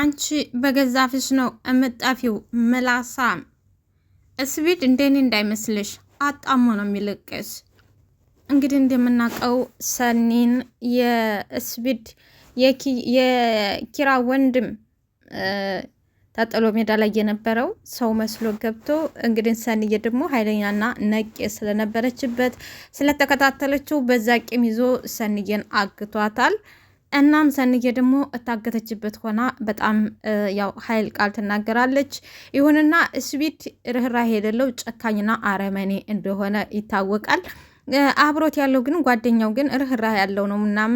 አንቺ ፍሽ ነው እምጠፊው። ምላሳም እስቢድ እንደኔ እንዳይመስልሽ አጣሞ ነው የሚለቀስ። እንግዲህ እንደምናውቀው ሰኒን የእስቢድ የኪራ ወንድም ተጥሎ ሜዳ ላይ የነበረው ሰው መስሎ ገብቶ እንግዲህ ሰኒዬ ደግሞ ኃይለኛና ነቄ ስለነበረችበት ስለተከታተለችው በዛ ቂም ይዞ ሰኒዬን አግቷታል። እናም ሰንዬ ደግሞ እታገተችበት ሆና በጣም ያው ኃይል ቃል ትናገራለች። ይሁንና ስዊት ርኅራሄ የሌለው ጨካኝና አረመኔ እንደሆነ ይታወቃል። አብሮት ያለው ግን ጓደኛው ግን ርኅራህ ያለው ነው። ምናም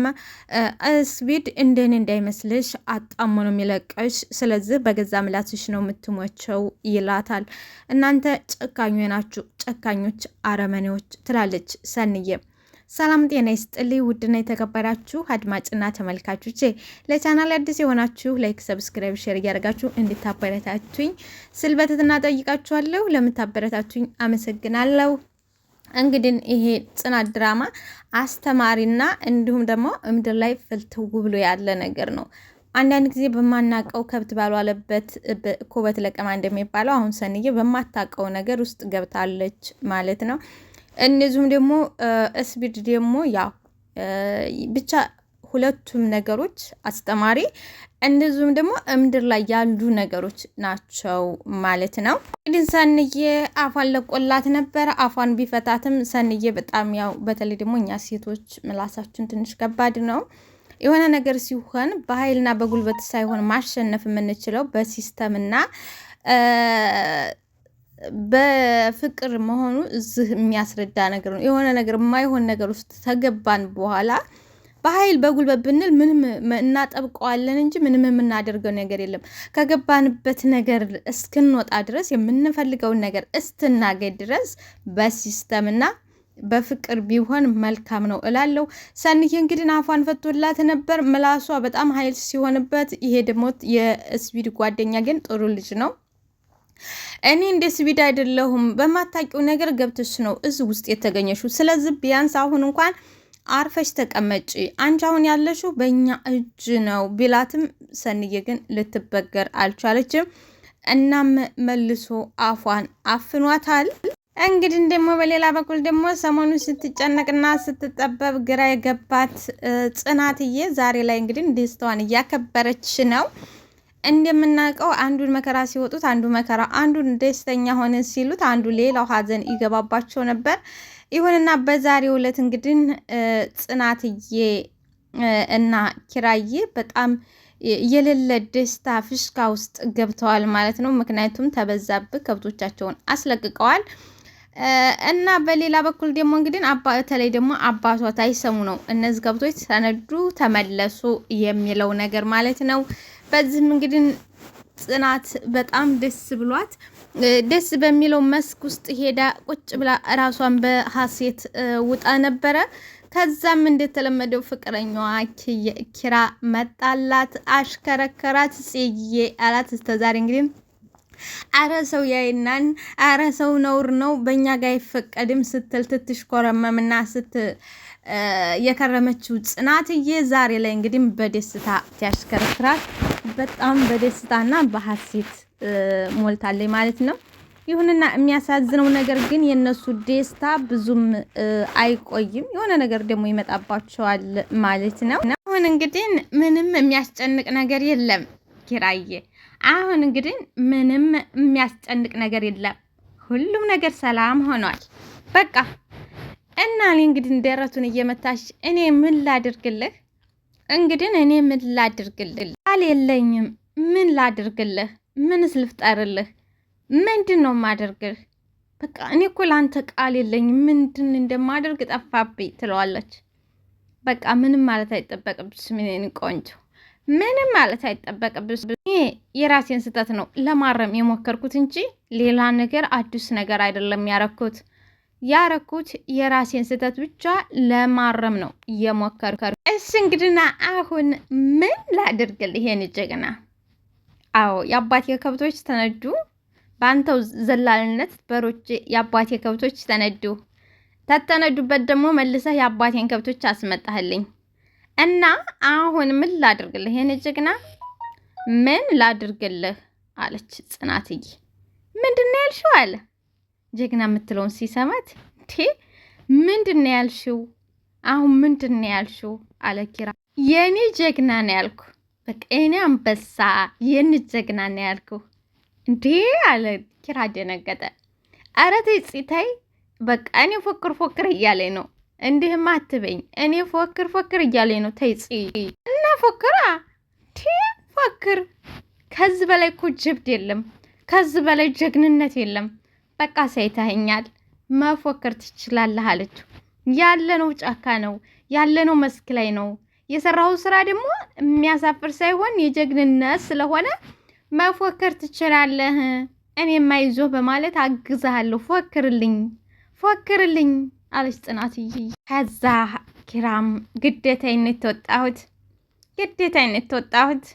ስዊድ እንደኔ እንዳይመስልሽ አጣሞ ነው የሚለቀሽ፣ ስለዚህ በገዛ ምላስሽ ነው የምትሞቸው ይላታል። እናንተ ጨካኞች ናችሁ፣ ጨካኞች አረመኔዎች ትላለች ሰንዬ። ሰላም ጤና ይስጥልኝ። ውድና የተከበራችሁ አድማጭና ተመልካቾቼ ለቻናል አዲስ የሆናችሁ ላይክ፣ ሰብስክራይብ፣ ሼር እያደረጋችሁ እንድታበረታቱኝ ስል በትህትና ጠይቃችኋለሁ። ለምታበረታቱኝ አመሰግናለሁ። እንግዲህ ይሄ ጽናት ድራማ አስተማሪና እንዲሁም ደግሞ ምድር ላይ ፍልትው ብሎ ያለ ነገር ነው። አንዳንድ ጊዜ በማናቀው ከብት ባልዋለበት ኩበት ለቀማ እንደሚባለው አሁን ሰንዬ በማታቀው ነገር ውስጥ ገብታለች ማለት ነው። እነዚሁም ደግሞ እስቢድ ደግሞ ያ ብቻ ሁለቱም ነገሮች አስተማሪ እንደዚሁም ደግሞ እምድር ላይ ያሉ ነገሮች ናቸው ማለት ነው። እንግዲህ ሰንዬ አፏን ለቆላት ነበረ። አፏን ቢፈታትም ሰንዬ በጣም ያው በተለይ ደግሞ እኛ ሴቶች ምላሳችን ትንሽ ከባድ ነው። የሆነ ነገር ሲሆን በኃይልና በጉልበት ሳይሆን ማሸነፍ የምንችለው በሲስተምና በፍቅር መሆኑ እዚህ የሚያስረዳ ነገር ነው። የሆነ ነገር የማይሆን ነገር ውስጥ ተገባን በኋላ በኃይል በጉልበት ብንል ምንም እናጠብቀዋለን እንጂ ምንም የምናደርገው ነገር የለም። ከገባንበት ነገር እስክንወጣ ድረስ የምንፈልገውን ነገር እስክናገኝ ድረስ በሲስተምና በፍቅር ቢሆን መልካም ነው እላለሁ። ሰንዬ እንግዲህ አፏን ፈቶላት ነበር። ምላሷ በጣም ኃይል ሲሆንበት፣ ይሄ ደግሞ የስዊድ ጓደኛ ግን ጥሩ ልጅ ነው። እኔ እንደ ስቢድ አይደለሁም። በማታውቂው ነገር ገብተሽ ነው እዚህ ውስጥ የተገኘሽው። ስለዚህ ቢያንስ አሁን እንኳን አርፈሽ ተቀመጪ። አንቺ አሁን ያለሽው በእኛ እጅ ነው ቢላትም ሰንዬ ግን ልትበገር አልቻለችም። እናም መልሶ አፏን አፍኗታል። እንግዲህ ደግሞ በሌላ በኩል ደግሞ ሰሞኑን ስትጨነቅና ስትጠበብ ግራ የገባት ጽናትዬ ዛሬ ላይ እንግዲህ ደስታዋን እያከበረች ነው። እንደምናውቀው አንዱን መከራ ሲወጡት አንዱ መከራ አንዱን ደስተኛ ሆነን ሲሉት አንዱ ሌላው ሀዘን ይገባባቸው ነበር። ይሁንና በዛሬው ዕለት እንግዲህ ጽናትዬ እና ኪራዬ በጣም የሌለ ደስታ ፍሽካ ውስጥ ገብተዋል ማለት ነው። ምክንያቱም ተበዛብህ ከብቶቻቸውን አስለቅቀዋል እና በሌላ በኩል ደግሞ እንግዲህ በተለይ ደግሞ አባቷ ታይሰሙ ነው እነዚህ ከብቶች ተነዱ ተመለሱ የሚለው ነገር ማለት ነው። በዚህም እንግዲህ ጽናት በጣም ደስ ብሏት ደስ በሚለው መስክ ውስጥ ሄዳ ቁጭ ብላ ራሷን በሀሴት ውጣ ነበረ። ከዛም እንደተለመደው ፍቅረኛዋ ኪራ መጣላት፣ አሽከረከራት። ጽዬ አላት እስተዛሬ እንግዲህ አረ ሰው ያይናን፣ አረ ሰው ነውር ነው በእኛ ጋር አይፈቀድም ስትል ትትሽ ኮረመምና ስት የከረመችው ጽናትዬ ዛሬ ላይ እንግዲህ በደስታ ያሽከረክራት። በጣም በደስታና በሐሴት ሞልታለች ማለት ነው። ይሁንና የሚያሳዝነው ነገር ግን የእነሱ ደስታ ብዙም አይቆይም። የሆነ ነገር ደግሞ ይመጣባቸዋል ማለት ነው። አሁን እንግዲህ ምንም የሚያስጨንቅ ነገር የለም ኪራዬ። አሁን እንግዲህ ምንም የሚያስጨንቅ ነገር የለም። ሁሉም ነገር ሰላም ሆኗል። በቃ እና እኔ እንግዲህ ደረቱን እየመታሽ እኔ ምን ላድርግልህ? እንግዲህ እኔ ምን ላድርግልህ? ቃል የለኝም። ምን ላድርግልህ? ምንስ ልፍጠርልህ? ምንድን ነው የማደርግልህ? በቃ እኔ እኮ ለአንተ ቃል የለኝም። ምንድን እንደማደርግ ጠፋብኝ ትለዋለች። በቃ ምንም ማለት አይጠበቅብሽም የእኔ ቆንጆ፣ ምንም ማለት አይጠበቅብሽም። ይሄ የራሴን ስህተት ነው ለማረም የሞከርኩት እንጂ ሌላ ነገር አዲስ ነገር አይደለም ያረኩት። ያረኩት የራሴን ስህተት ብቻ ለማረም ነው የሞከርከር። እስ እንግድና አሁን ምን ላድርግል? ይሄን ጀግና። አዎ የአባቴ ከብቶች ተነዱ፣ በአንተው ዘላልነት በሮች የአባቴ ከብቶች ተነዱ። ተተነዱበት ደግሞ መልሰህ የአባቴን ከብቶች አስመጣህልኝ እና አሁን ምን ላድርግልህ? ይህን ጀግና ምን ላድርግልህ አለች ጽናትዬ። ምንድን ነው ያልሽው አለ ጀግና የምትለውን ሲሰማት እንዴ ምንድን ነው ያልሽው? አሁን ምንድን ነው ያልሽው? አለ ኪራ። ጀግና ነው ያልኩ፣ በቃ የእኔ አንበሳ፣ የእኔ ጀግና ነው ያልኩ እንዴ አለ ኪራ። ደነገጠ። ኧረ ተይ ፂታይ፣ በቃ እኔ ፎክር ፎክር እያለኝ ነው። እንዲህም አትበኝ፣ እኔ ፎክር ፎክር እያለኝ ነው። ተይ እና ፎክራ ፎክር። ከዚህ በላይ እኮ ጀብድ የለም፣ ከዚህ በላይ ጀግንነት የለም። በቃ ሳይታኸኛል መፎከር ትችላለህ አለችው። ያለነው ጫካ ነው ያለነው መስክ ላይ ነው የሰራው ስራ ደግሞ የሚያሳፍር ሳይሆን የጀግንነት ስለሆነ መፎከር ትችላለህ፣ እኔ የማይዞህ በማለት አግዛሃለሁ፣ ፎክርልኝ ፎክርልኝ አለች ጽናትዬ። ከዛ ኪራም ግዴታዬን ተወጣሁት ግዴታዬን ተወጣሁት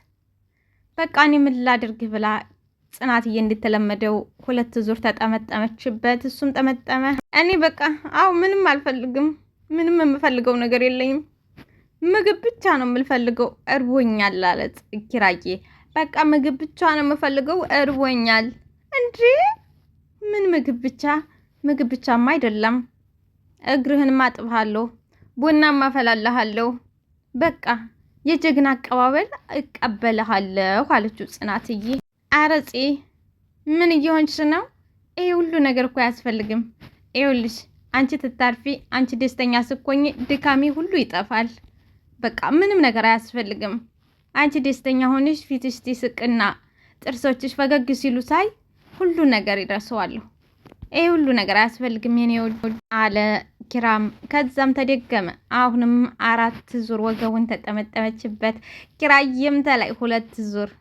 በቃ እኔ ምን ላድርግ ብላ ጽናትዬ እንደተለመደው ሁለት ዙር ተጠመጠመችበት። እሱም ጠመጠመ። እኔ በቃ አው ምንም አልፈልግም፣ ምንም የምፈልገው ነገር የለኝም፣ ምግብ ብቻ ነው የምልፈልገው እርቦኛል አለ ኪራዬ። በቃ ምግብ ብቻ ነው የምፈልገው እርቦኛል። እንዴ ምን ምግብ ብቻ? ምግብ ብቻማ አይደለም፣ እግርህን ማጥብሃለሁ፣ ቡና ማፈላልሃለሁ፣ በቃ የጀግና አቀባበል እቀበልሃለሁ አለችው ጽናትዬ አረፂ ምን እየሆንሽ ነው? ይሄ ሁሉ ነገር እኮ አያስፈልግም። ይኸውልሽ አንቺ ትታርፊ፣ አንቺ ደስተኛ ስኮኝ ድካሜ ሁሉ ይጠፋል። በቃ ምንም ነገር አያስፈልግም። አንቺ ደስተኛ ሆንሽ፣ ፊትሽ ሲስቅና ጥርሶችሽ ፈገግ ሲሉ ሳይ ሁሉ ነገር ይደርሰዋለሁ። ይሄ ሁሉ ነገር አያስፈልግም የኔ አለ ኪራም። ከዛም ተደገመ። አሁንም አራት ዙር ወገቡን ተጠመጠመችበት። ኪራዬም ተላይ ሁለት ዙር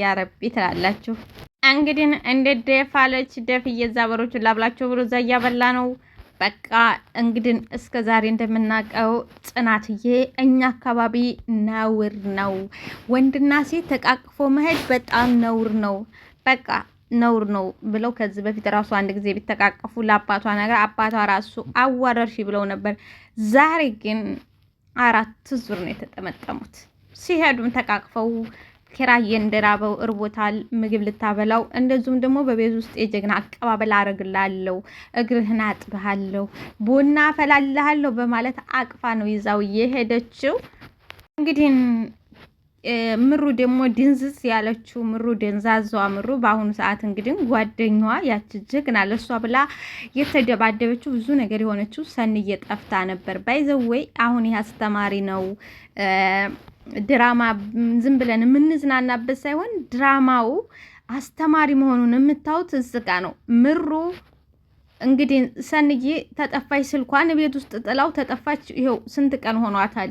ያረቢ ትላላችሁ። እንግዲህ እንደ ደፍ አለች ደፍ እየዛበሮችን ላብላችሁ ብሎ እዛ እያበላ ነው። በቃ እንግዲህ እስከ ዛሬ እንደምናውቀው ጽናትዬ እኛ አካባቢ ነውር ነው፣ ወንድና ሴት ተቃቅፎ መሄድ በጣም ነውር ነው፣ በቃ ነውር ነው ብለው ከዚህ በፊት ራሱ አንድ ጊዜ ቢተቃቀፉ ለአባቷ ነገር አባቷ ራሱ አዋረርሽ ብለው ነበር። ዛሬ ግን አራት ዙር ነው የተጠመጠሙት። ሲሄዱም ተቃቅፈው ኪራዬ እንደራበው እርቦታል፣ ምግብ ልታበላው፣ እንደዚሁም ደግሞ በቤት ውስጥ የጀግና አቀባበል አረግላለሁ፣ እግርህን አጥብሃለሁ፣ ቡና ፈላልሃለሁ በማለት አቅፋ ነው ይዛው የሄደችው። እንግዲህ ምሩ ደግሞ ድንዝዝ ያለችው ምሩ ደንዛዛዋ ምሩ በአሁኑ ሰዓት እንግዲህ ጓደኛዋ ያች ጀግና ለእሷ ብላ የተደባደበችው ብዙ ነገር የሆነችው ሰንዬ ጠፍታ ነበር። ባይዘወይ አሁን ይህ አስተማሪ ነው ድራማ ዝም ብለን የምንዝናናበት ሳይሆን ድራማው አስተማሪ መሆኑን የምታዩት እዝጋ ነው። ምሩ እንግዲህ ሰንዬ ተጠፋች፣ ስልኳን ቤት ውስጥ ጥላው ተጠፋች። ይኸው ስንት ቀን ሆኗታል።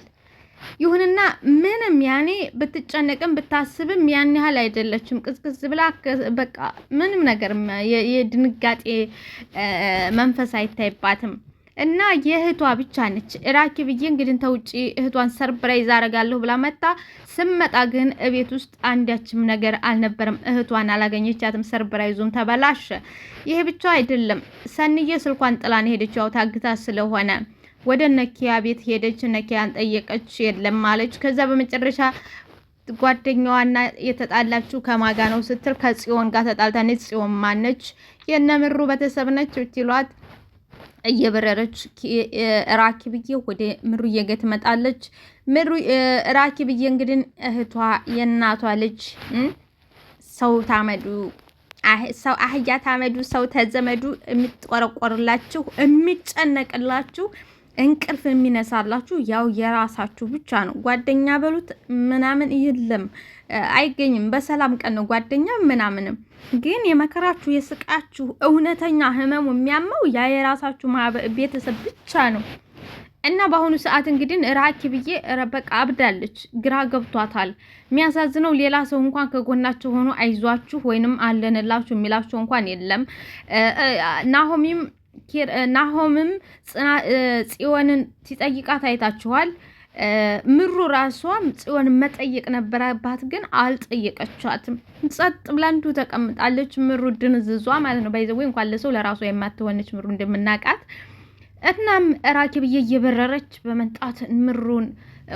ይሁንና ምንም ያኔ ብትጨነቅም ብታስብም ያን ያህል አይደለችም። ቅዝቅዝ ብላ በቃ ምንም ነገር የድንጋጤ መንፈስ አይታይባትም። እና የእህቷ ብቻ ነች እራኪ ብዬ እንግዲህ ተውጪ እህቷን ሰርፕራይዝ አረጋለሁ ብላ መጣ። ስመጣ ግን እቤት ውስጥ አንዳችም ነገር አልነበረም። እህቷን አላገኘቻትም። ሰርፕራይዙም ተበላሸ። ይሄ ብቻ አይደለም። ሰንዬ ስልኳን ጥላን ሄደች። ያው ታግታ ስለሆነ ወደ ነኪያ ቤት ሄደች። ነኪያን ጠየቀች፣ የለም አለች። ከዛ በመጨረሻ ጓደኛዋና የተጣላችው ከማጋ ነው ስትል ከጽዮን ጋር ተጣልታነች። ጽዮን ማነች? የነምሩ ቤተሰብ ነች ብትሏት እየበረረች ራኪብዬ ወደ ምሩዬ ጋ ትመጣለች። ምሩ ራኪብዬ እንግዲህ እህቷ የእናቷ ልጅ ሰው ታመዱ ሰው አህያ ታመዱ ሰው ተዘመዱ፣ የምትቆረቆርላችሁ የምትጨነቅላችሁ እንቅልፍ የሚነሳላችሁ ያው የራሳችሁ ብቻ ነው። ጓደኛ በሉት ምናምን የለም አይገኝም። በሰላም ቀን ነው ጓደኛ ምናምንም። ግን የመከራችሁ የስቃችሁ እውነተኛ ህመሙ የሚያመው ያ የራሳችሁ ቤተሰብ ብቻ ነው እና በአሁኑ ሰዓት እንግዲህ ራኪ ብዬ በቃ አብዳለች፣ ግራ ገብቷታል። የሚያሳዝነው ሌላ ሰው እንኳን ከጎናቸው ሆኖ አይዟችሁ ወይንም አለንላችሁ የሚላቸው እንኳን የለም። ናሆሚም ናሆምም ጽዮንን ሲጠይቃት አይታችኋል። ምሩ ራሷም ጽዮን መጠየቅ ነበረባት፣ ግን አልጠየቀቻትም። ጸጥ ብላ እንዲሁ ተቀምጣለች። ምሩ ድንዝዟ ማለት ነው። ባይዘዌ እንኳን ለሰው ለራሷ የማትሆነች ምሩ እንደምናውቃት። እናም ራኬብዬ እየበረረች በመንጣት ምሩን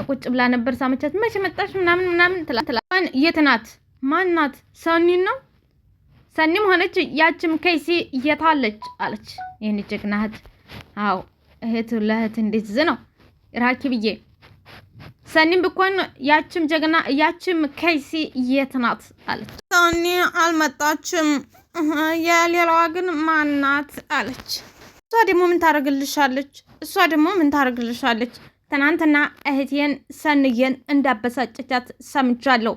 ቁጭ ብላ ነበር ሳመቻት። መቼ መጣች ምናምን ምናምን ትላንት። የትናት ማናት ሰኒን ነው ሰኒም ሆነች ያችም ከይሲ የታለች አለች። ይህን ጀግና እህት አዎ እህት ለእህት እንዴት ዝ ነው ራኪ ብዬ ሰኒም ብኮን ያችም ጀግና ያችም ከይሲ የት ናት አለች። ሰኒ አልመጣችም የሌላዋ ግን ማናት አለች። እሷ ደግሞ ምን ታደርግልሻለች? እሷ ደግሞ ምን ታደርግልሻለች? ትናንትና እህቴን ሰንዬን እንዳበሳጨቻት ሰምቻለሁ።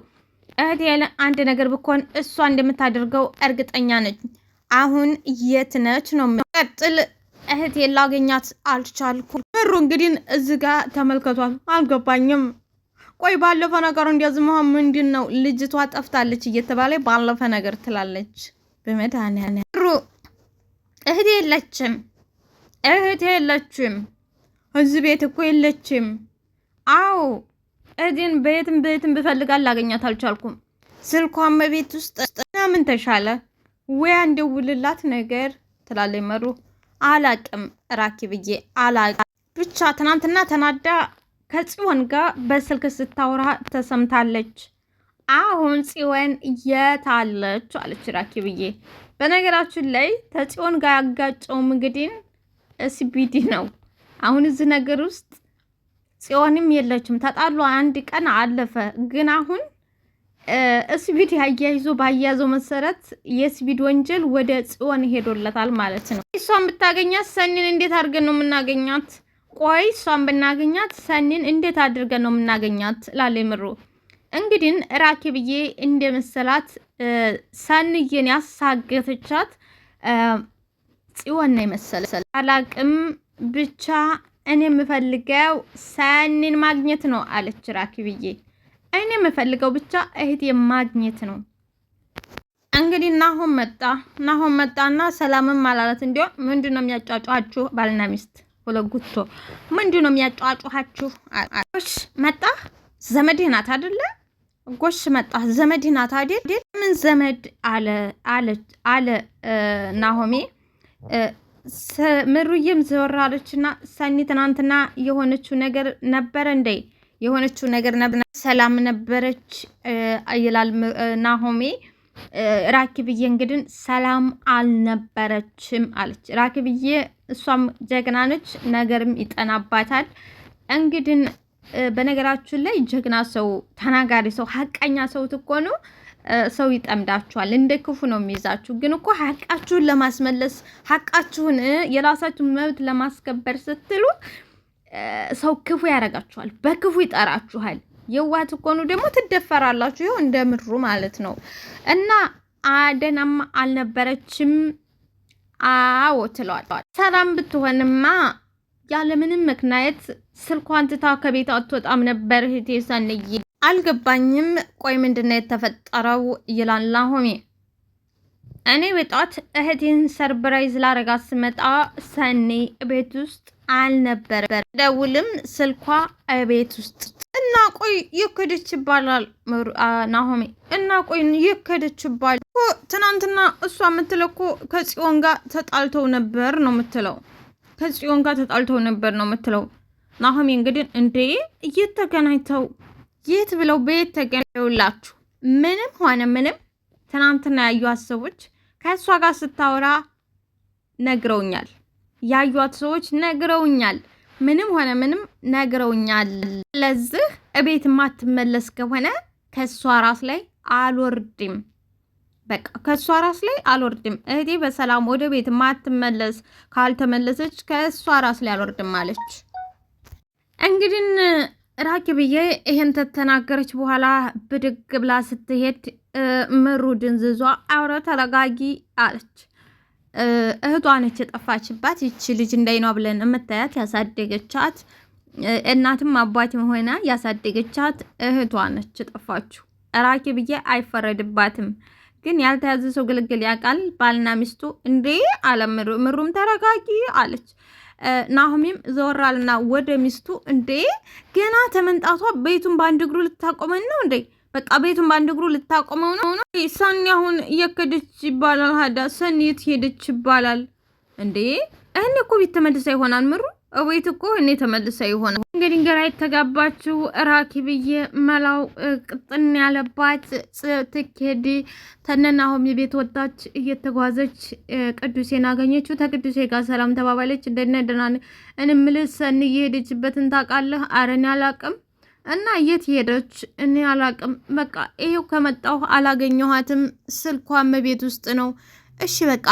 እህቴል አንድ ነገር ብኮን እሷ እንደምታደርገው እርግጠኛ ነች። አሁን የት ነች ነው ቀጥል። እህቴል ላገኛት አልቻልኩ። ምሩ እንግዲህ እዚህ ጋር ተመልከቷል። አልገባኝም። ቆይ ባለፈ ነገሩ እንዲያዝመ ምንድን ነው ልጅቷ ጠፍታለች እየተባለ ባለፈ ነገር ትላለች። በመድኃኒዓለም ምሩ እህቴ የለችም፣ እህቴ የለችም፣ እዚህ ቤት እኮ የለችም። አዎ እዲን በየትም በየትም ብፈልጋል ላገኛት አልቻልኩም። ስልኳም ቤት ውስጥ ምን ተሻለ ወይ እንደውልላት ነገር ትላለች መሩ። አላቅም ራኪ ብዬ አላቅም። ብቻ ትናንትና ተናዳ ከጽዮን ጋር በስልክ ስታወራ ተሰምታለች። አሁን ጽዮን የታለች አለች ራኪ ብዬ። በነገራችን ላይ ተጽዮን ጋር ያጋጨውም እንግዲህ ሲቢዲ ነው። አሁን እዚህ ነገር ውስጥ ጽዮንም የለችም። ተጣሉ አንድ ቀን አለፈ። ግን አሁን እስቢድ አያይዞ ባያዘው መሰረት የስቢድ ወንጀል ወደ ጽዮን ሄዶለታል ማለት ነው። እሷን ብታገኛት ሰኒን እንዴት አድርገን ነው የምናገኛት? ቆይ እሷን ብናገኛት ሰኒን እንዴት አድርገን ነው የምናገኛት? ላለ ምሩ እንግዲህ ራኬ ብዬ እንደ መሰላት ሰንዬን ያሳገተቻት ጽዮን ነው የመሰለ አላቅም ብቻ እኔ የምፈልገው ሰኒን ማግኘት ነው አለች ራኪብዬ። እኔ የምፈልገው ብቻ እህቴን ማግኘት ነው። እንግዲህ ናሆም መጣ። ናሆም መጣና ሰላምን አላላት። እንዲሆን ምንድን ነው የሚያጫጫኋችሁ? ባልና ሚስት ሁለት ጉቶ ምንድን ነው የሚያጫጫኋችሁ? ጎሽ መጣ ዘመድህ ናት አደለ? ጎሽ መጣ ዘመድህ ናት አይደል? ምን ዘመድ አለ አለ ናሆሜ ምሩዬም ዘወር አለችና ሰኒ ትናንትና የሆነችው ነገር ነበረ እንዴ? የሆነችው ነገር ሰላም ነበረች ይላል ናሆሜ። ራኪብዬ እንግድን ሰላም አልነበረችም አለች ራኪብዬ። እሷም ጀግና ነች፣ ነገርም ይጠናባታል። እንግድን በነገራችን ላይ ጀግና ሰው፣ ተናጋሪ ሰው፣ ሀቀኛ ሰው ትኮኑ ሰው ይጠምዳችኋል። እንደ ክፉ ነው የሚይዛችሁ። ግን እኮ ሀቃችሁን ለማስመለስ ሀቃችሁን የራሳችሁን መብት ለማስከበር ስትሉ ሰው ክፉ ያደርጋችኋል፣ በክፉ ይጠራችኋል። የዋህ ትኮኑ ደግሞ ትደፈራላችሁ። ይኸው እንደ ምድሩ ማለት ነው እና አደናማ አልነበረችም። አዎ ትለዋል። ሰላም ብትሆንማ ያለምንም ምክንያት ስልኳን ትታ ከቤት አትወጣም ነበር እህቴ ሰንዬ። አልገባኝም። ቆይ ምንድነው የተፈጠረው? ይላል ናሆሜ። እኔ በጧት እህቴን ሰርፕራይዝ ላረጋ ስመጣ ሰኔ ቤት ውስጥ አልነበረ። ደውልም ስልኳ ቤት ውስጥ እና ቆይ የከደች ይባላል ናሆሜ። እና ቆይ የከደች ይባል ትናንትና እሷ የምትለው እኮ ከጽዮን ጋር ተጣልተው ነበር ነው የምትለው። ከጽዮን ጋር ተጣልተው ነበር ነው የምትለው ናሆሜ። እንግዲህ እንዴ እየተገናኝተው የት ብለው በየት ተገለውላችሁ? ምንም ሆነ ምንም ትናንትና ያዩት ሰዎች ከእሷ ጋር ስታወራ ነግረውኛል። ያዩት ሰዎች ነግረውኛል። ምንም ሆነ ምንም ነግረውኛል። ስለዚህ እቤት ማትመለስ ከሆነ ከእሷ ራስ ላይ አልወርድም። በቃ ከእሷ ራስ ላይ አልወርድም። እህቴ በሰላም ወደ ቤት ማትመለስ ካልተመለሰች ከእሷ ራስ ላይ አልወርድም አለች። እንግዲህ ራቂ ብዬ ይህን ተተናገረች በኋላ ብድግ ብላ ስትሄድ ምሩ ድንዝዟ አውረ ተረጋጊ አለች። እህቷ ነች የጠፋችባት ይቺ ልጅ እንዳይኗ ብለን የምታያት ያሳደገቻት እናትም አባትም ሆነ ያሳደገቻት እህቷ ነች የጠፋችሁ። ራኪ ብዬ አይፈረድባትም፣ ግን ያልተያዘ ሰው ግልግል ያውቃል። ባልና ሚስቱ እንዴ አለ ምሩ። ምሩም ተረጋጊ አለች። ናሆሚም ዘወራልና ወደ ሚስቱ እንዴ ገና ተመንጣቷ ቤቱን በአንድ እግሩ ልታቆመን ነው እንዴ? በቃ ቤቱን በአንድ እግሩ ልታቆመው ነው። ሰኒ አሁን እየከደች ይባላል። ሀዳ ሰኒ የት ሄደች ይባላል እንዴ? እህን እኮ ቤት ተመልሳ ይሆናል ምሩ እቤት እኮ እኔ ተመልሰ ይሆነ እንግዲህ እንገራ የተጋባችው ብዬ መላው ቅጥን ያለባት ትኬድ ተነናሆም የቤት ወጣች እየተጓዘች ቅዱሴን አገኘችው። ተቅዱሴ ጋር ሰላም ተባባለች። እንደነ እንደነደና እንምልስ ሰኒ እየሄደችበትን ታውቃለህ? ኧረ እኔ አላቅም እና የት ሄደች? እኔ አላቅም። በቃ ይሄው ከመጣሁ አላገኘኋትም። ስልኳም ቤት ውስጥ ነው እሺ በቃ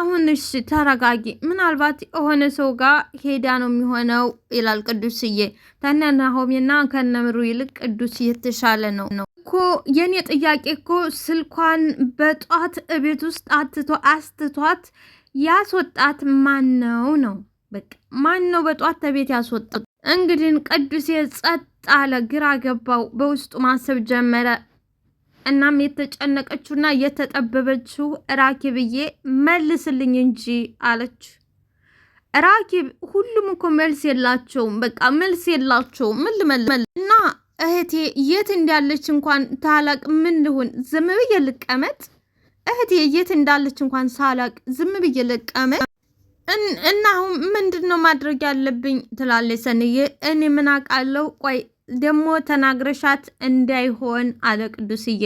አሁን እሺ ተረጋጊ፣ ምናልባት የሆነ ሰው ጋር ሄዳ ነው የሚሆነው ይላል ቅዱስዬ። ከነ ናሆሜና ከነ ይልቅ ቅዱስ የተሻለ ነው ነው እኮ የኔ ጥያቄ እኮ ስልኳን በጧት እቤት ውስጥ አትቶ አስትቷት ያስወጣት ማን ነው ነው በቃ ማን ነው በጧት እቤት ያስወጣት? እንግዲህ ቅዱስ ጸጥ አለ፣ ግራ ገባው፣ በውስጡ ማሰብ ጀመረ። እናም የተጨነቀችውና የተጠበበችው ራኪብዬ መልስልኝ እንጂ አለች። ራኪብ ሁሉም እኮ መልስ የላቸውም፣ በቃ መልስ የላቸውም። ምን ልመልስ እና እህቴ የት እንዳለች እንኳን ታላቅ ምን ልሁን? ዝም ብዬ ልቀመጥ? እህቴ የት እንዳለች እንኳን ሳላቅ ዝም ብዬ ልቀመጥ? እና አሁን ምንድን ነው ማድረግ ያለብኝ? ትላለች ሰንዬ። እኔ ምን አውቃለሁ? ቆይ ደግሞ ተናግረሻት እንዳይሆን አለ ቅዱስዬ።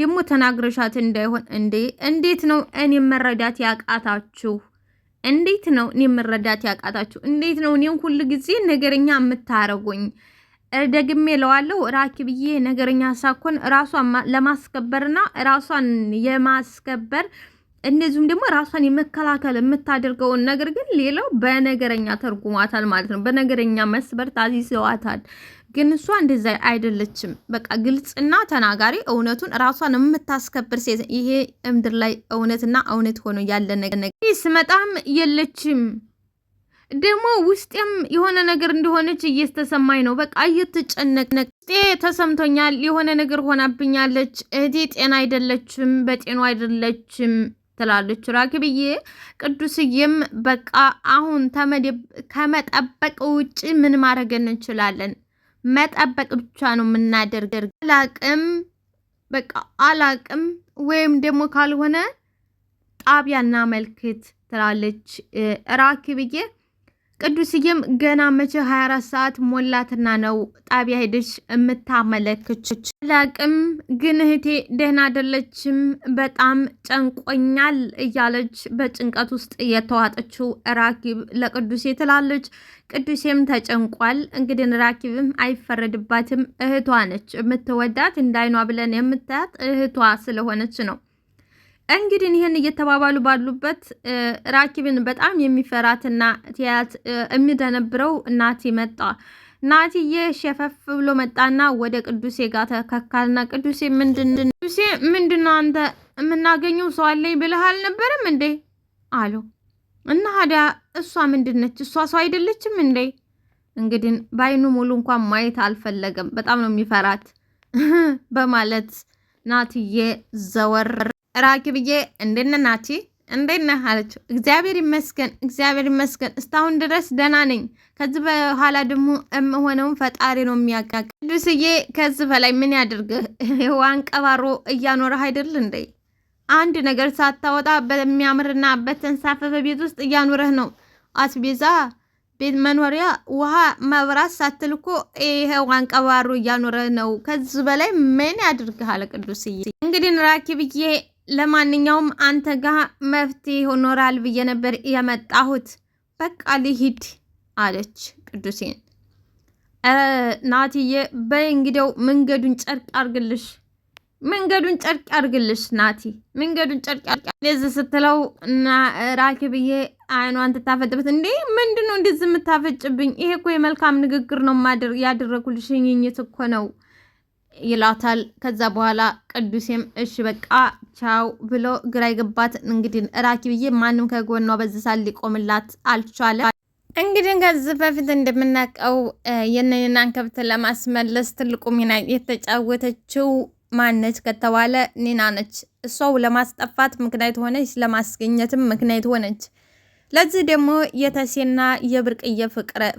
ደግሞ ተናግረሻት እንዳይሆን እንዴ! እንዴት ነው እኔ መረዳት ያቃታችሁ? እንዴት ነው እኔ መረዳት ያቃታችሁ? እንዴት ነው እኔም ሁል ጊዜ ነገረኛ የምታረጉኝ? ደግሜ ለዋለው ራኪ ብዬ ነገረኛ ሳኮን ራሷን ለማስከበርና ራሷን የማስከበር እንደዚሁም ደግሞ ራሷን የመከላከል የምታደርገውን ነገር ግን ሌላው በነገረኛ ተርጉሟታል ማለት ነው። በነገረኛ መስበር ታዚዘዋታል። ግን እሷ እንደዛ አይደለችም። በቃ ግልጽና ተናጋሪ እውነቱን ራሷን የምታስከብር ሴት ይሄ እምድር ላይ እውነትና እውነት ሆኖ ያለ ነገር ስመጣም የለችም። ደግሞ ውስጤም የሆነ ነገር እንደሆነች እየተሰማኝ ነው። በቃ እየተጨነቅ ውስጤ ተሰምቶኛል። የሆነ ነገር ሆናብኛለች። እህቴ ጤና አይደለችም፣ በጤኑ አይደለችም ትላለች ራኪብዬ። ቅዱስዬም በቃ አሁን ከመጠበቅ ውጭ ምን ማድረግ እንችላለን? መጠበቅ ብቻ ነው የምናደርገው። አላቅም በቃ አላቅም፣ ወይም ደግሞ ካልሆነ ጣቢያ እናመልክት ትላለች ራኪ ብዬ። ቅዱስዬም ገና መቼ 24 ሰዓት ሞላትና ነው ጣቢያ ሄደች የምታመለክች ላቅም ግን እህቴ ደህና አይደለችም፣ በጣም ጨንቆኛል እያለች በጭንቀት ውስጥ የተዋጠችው ራኪብ ለቅዱሴ ትላለች። ቅዱሴም ተጨንቋል። እንግዲህ ራኪብም አይፈረድባትም፣ እህቷ ነች የምትወዳት እንዳይኗ ብለን የምታያት እህቷ ስለሆነች ነው። እንግዲህ ይህን እየተባባሉ ባሉበት ራኪብን በጣም የሚፈራትና ትያት የሚደነብረው ናቲ መጣ። ናቲዬ ሸፈፍ ብሎ መጣና ወደ ቅዱሴ ጋር ተከካልና፣ ቅዱሴ ምንድን ቅዱሴ አንተ የምናገኘው ሰው አለኝ ብለህ አልነበረም እንዴ አሉ እና ታዲያ እሷ ምንድነች? እሷ ሰው አይደለችም እንዴ? እንግዲህ በአይኑ ሙሉ እንኳን ማየት አልፈለገም። በጣም ነው የሚፈራት በማለት ናትዬ ዘወር ራኪ ብዬ እንዴት ናቺ እንዴት አለችው። እግዚአብሔር ይመስገን እግዚአብሔር ይመስገን እስታሁን ድረስ ደህና ነኝ። ከዚህ በኋላ ደግሞ የምሆነውን ፈጣሪ ነው የሚያውቅ። ቅዱስዬ ከዚህ በላይ ምን ያድርግህ? አንቀባሮ እያኖረህ አይደል እንዴ? አንድ ነገር ሳታወጣ በሚያምርና በተንሳፈፈ ቤት ውስጥ እያኖረህ ነው። አስቤዛ፣ ቤት መኖሪያ፣ ውሃ፣ መብራት ሳትልኮ ይሄ ዋንቀባሩ አንቀባሮ እያኖረህ ነው። ከዚህ በላይ ምን ያድርግህ? አለ ቅዱስዬ። እንግዲህ ራኪብዬ ለማንኛውም አንተ ጋር መፍትሄ ይኖራል ብዬ ነበር የመጣሁት። በቃ ልሂድ አለች ቅዱሴን። ናቲዬ በይ እንግዲው መንገዱን ጨርቅ አርግልሽ፣ መንገዱን ጨርቅ አርግልሽ ናቲ፣ መንገዱን ጨርቅ እንደዚህ ስትለው እና ብዬ አይኗን ትታፈጥበት። እንዴ ምንድነው ነው እንደዚህ የምታፈጭብኝ? ይሄ እኮ የመልካም ንግግር ነው ያደረኩልሽ፣ ሽኝኝት እኮ ነው ይላታል። ከዛ በኋላ ቅዱሴም እሺ በቃ ቻው ብሎ ግራ የገባት እንግዲህ ራኪ ብዬ ማንም ከጎኗ በዚህ ሊቆምላት አልቻለ። እንግዲህ ከዚህ በፊት እንደምናውቀው የነኝና ከብት ለማስመለስ ትልቁ ሚና የተጫወተችው ማነች ከተባለ ኒና ነች። እሷው ለማስጠፋት ምክንያት ሆነች፣ ለማስገኘትም ምክንያት ሆነች። ለዚህ ደግሞ የተሴና የብርቅዬ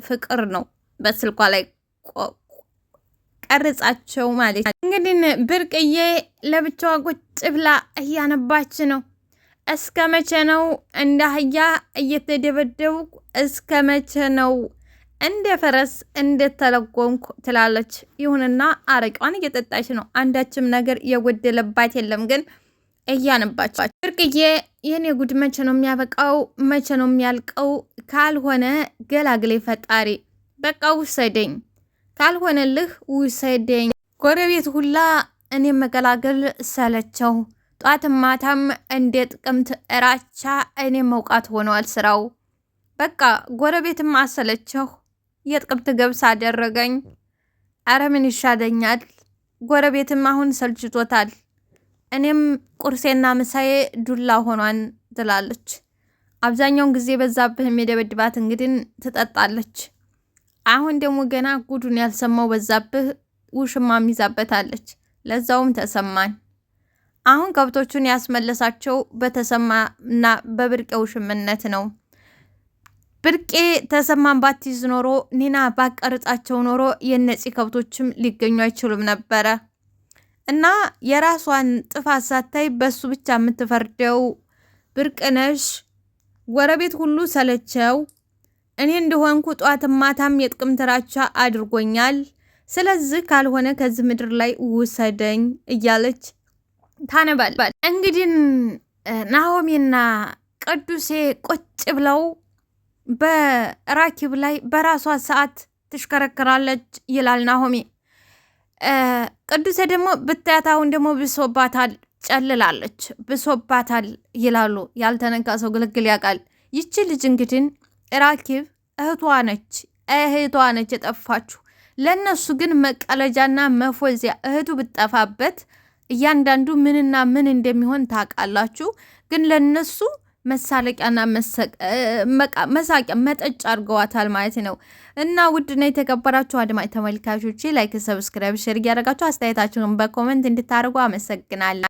ፍቅር ነው በስልኳ ላይ ቀርጻቸው ማለት ነው። እንግዲህ ብርቅዬ ለብቻዋ ቁጭ ብላ እያነባች ነው። እስከ መቼ ነው እንደ አህያ እየተደበደብኩ እስከ መቼ ነው እንደ ፈረስ እንደተለጎምኩ ትላለች። ይሁንና አረቂዋን እየጠጣች ነው። አንዳችም ነገር የጎደለባት የለም ግን እያነባች ብርቅዬ የኔ ጉድ መቼ ነው የሚያበቃው? መቼ ነው የሚያልቀው? ካልሆነ ገላግሌ ፈጣሪ፣ በቃ ውሰደኝ ካልሆነልህ ውሰደኝ። ጎረቤት ሁላ እኔ መገላገል ሰለቸው። ጧትም ማታም እንደ ጥቅምት እራቻ እኔ መውቃት ሆነዋል ስራው። በቃ ጎረቤትም አሰለቸው። የጥቅምት ገብስ አደረገኝ። አረ ምን ይሻለኛል? ጎረቤትም አሁን ሰልችቶታል። እኔም ቁርሴና ምሳዬ ዱላ ሆኗን ትላለች። አብዛኛውን ጊዜ በዛብህ የሚደበድባት እንግዲህ ትጠጣለች። አሁን ደግሞ ገና ጉዱን ያልሰማው በዛብህ ውሽማ ሚዛበታለች። ለዛውም ተሰማን። አሁን ከብቶቹን ያስመለሳቸው በተሰማና በብርቄ ውሽምነት ነው። ብርቄ ተሰማን ባትይዝ ኖሮ ኒና ባቀርጻቸው ኖሮ የነዚህ ከብቶችም ሊገኙ አይችሉም ነበረ እና የራሷን ጥፋት ሳታይ በሱ ብቻ የምትፈርደው ብርቅነሽ ጎረቤት ሁሉ ሰለቸው እኔ እንደሆንኩ ጧት ማታም የጥቅም ተራቻ አድርጎኛል። ስለዚህ ካልሆነ ከዚህ ምድር ላይ ውሰደኝ እያለች ታነባል። እንግዲህ ናሆሜና ቅዱሴ ቁጭ ብለው በራኪብ ላይ በራሷ ሰዓት ትሽከረከራለች ይላል ናሆሜ። ቅዱሴ ደግሞ ብታያት አሁን ደግሞ ብሶባታል፣ ጨልላለች፣ ብሶባታል ይላሉ። ያልተነካ ሰው ግልግል ያውቃል። ይቺ ልጅ እንግዲህ ራኪብ እህቷ ነች እህቷ ነች የጠፋችሁ። ለእነሱ ግን መቀለጃና መፎዚያ እህቱ ብጠፋበት እያንዳንዱ ምንና ምን እንደሚሆን ታውቃላችሁ። ግን ለእነሱ መሳለቂያና መሳቂያ መጠጭ አድርገዋታል ማለት ነው። እና ውድና የተከበራችሁ አድማጭ ተመልካቾች ላይክ፣ ሰብስክራይብ፣ ሼር እያደረጋችሁ አስተያየታችሁን በኮመንት እንድታደርጉ አመሰግናለን።